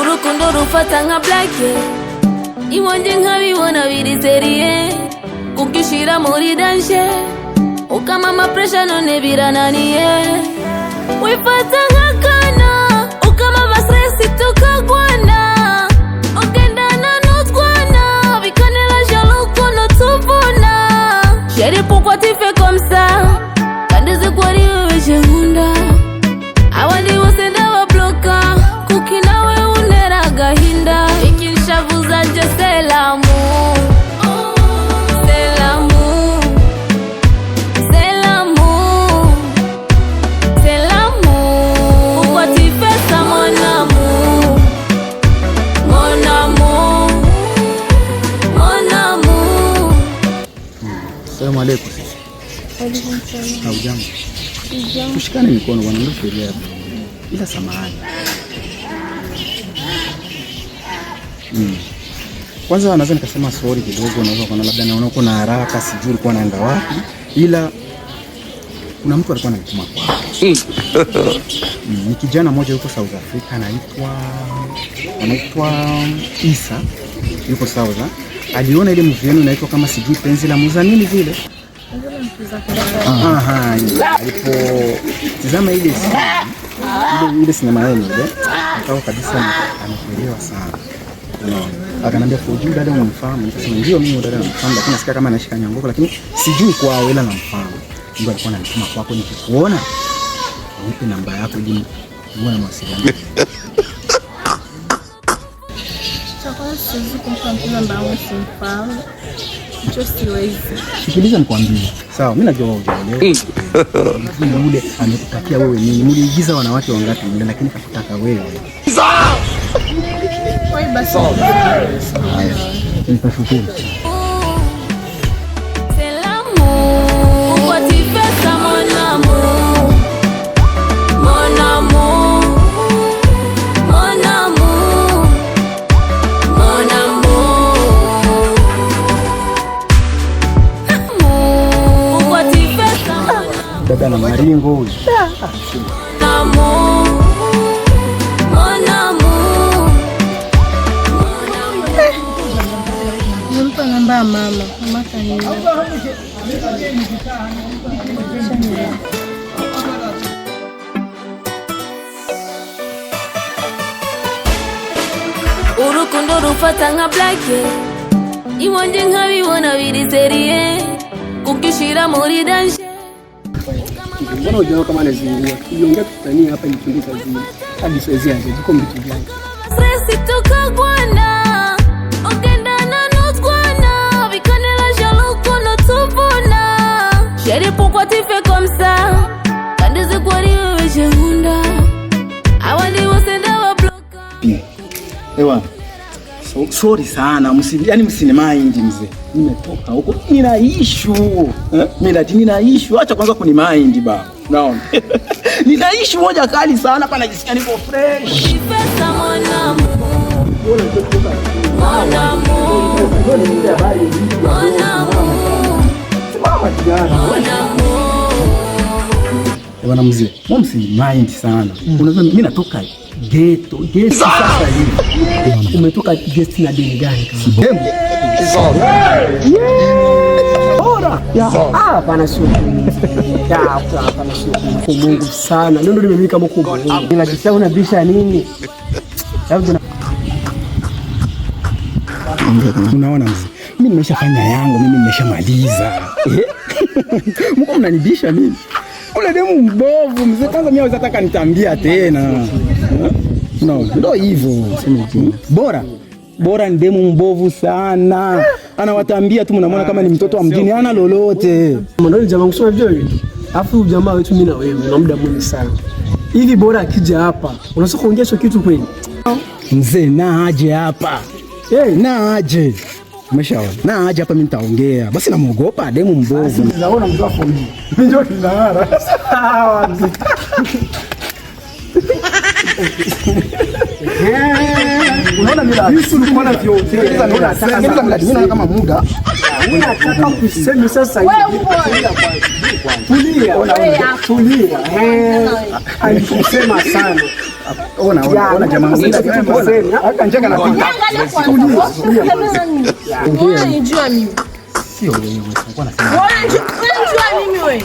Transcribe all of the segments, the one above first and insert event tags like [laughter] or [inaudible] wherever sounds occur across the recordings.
urukundo rufata nka blake eh. ibonye nkabibona birizeriye eh. kugishira muri danje eh. ukamama presha none birananiye wifata nk'akana ukamama stress tukagwana Hujambo, tushikane mikono bwana, ndio sheria. Ila samahani mm. Kwanza naweza nikasema sorry kidogo, naweza kuona labda naona uko na haraka, sijui ulikuwa naenda wapi, ila kuna mtu alikuwa ananituma kwa Mm, [laughs] ni kijana mmoja yuko South Africa anaitwa anaitwa Isa, yuko South. Aliona ile movie yenu inaitwa kama sijui penzi la muza nini vile alipotizama ile ile sinema yenu ile, eh? akawa kabisa amekuelewa sana. Akanambia kwa ujumla, dada unamfahamu? Nikasema ndio, mimi dada namfahamu, lakini nasikia kama anashika Nyangoko, lakini sijui kwao, ila namfahamu. Ndio alikuwa ananituma kwako, nikikuona nipe namba yako ili uwe na mawasiliano hicho siwezi. Sikiliza nikwambie. Sawa, mimi najua wewe unaelewa. Mm. amekutakia wewe nini? muliigiza wanawake wangapi ule lakini kakutaka wewe. Sawa. Nitashukuru. na maringo Urukundo rufata nka blake iwonje nkabibona biri kukishira muri danje hivi, mbona unajua kama anazingua? Tuliongea tutania hapa nikimbie kazini hadi saizi aje, viko vitu vyake Ewa sorry sana msi, yani msini mind mzee, nimetoka huko nina issue eh? Miladi nina issue, acha kwanza kuni mind baba, naona [laughs] nina issue moja kali sana hapa, najisikia niko fresh bwana mzee, msini mind sana, unajua mimi natoka geto. Gesi sasa hivi umetoka gesti na deni gani? Ah, hapana, sio Mungu sana, ndio nimemiliki kama kubwa. Inajisha unabisha nini? Unaona mzee, mimi nimeshafanya yangu, mimi nimeshamaliza. Mko [laughs] mnanibisha mimi? Ule demu mbovu mzee, kwanza mimi aweza taka nitambia tena no, ndo hivyo bora bora ndemu mbovu sana, anawatambia tu, mnamwona kama ni ah, mtoto wa mjini, ana lolote afu jamaa wetu, mimi na wewe na muda mwingi sana hivi, bora akija hapa unaweza kuongea hicho kitu kweli? Mzee na aje hapa hey, eh. na aje umeshaona, na aje hapa, mimi nitaongea basi. Namuogopa demu mbovu [laughs] Unaona kama muda unataka kusema sasa alikusema sana. Ona ona jamaa hata njaka na pita. Unajua mimi. Sio wewe, unajua mimi wewe.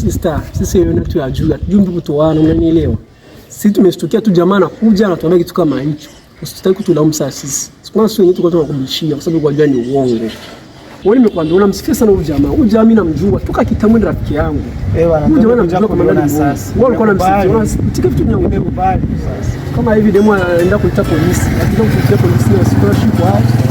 Sister, sisi wewe tu ajua hatujui ndugu toana, unanielewa? Sisi tumeshtukia tu jamaa anakuja anatuambia kitu kama hicho. Usitaki kutulaumu sasa sisi. Sikuwa sio yetu kwa kumshia kwa sababu kwajua ni uongo. Wewe nimekwambia una msikie sana huyu jamaa. Huyu jamaa mimi namjua toka kitambo ndio rafiki yangu. Eh bwana, jamaa namjua kwa maana sasa. Wewe ulikuwa unamsikia, unatika vitu vyangu mbele bali sasa. Kama hivi demo anaenda kuita polisi. Lakini ukifikia polisi na sikuwa kwa hapo.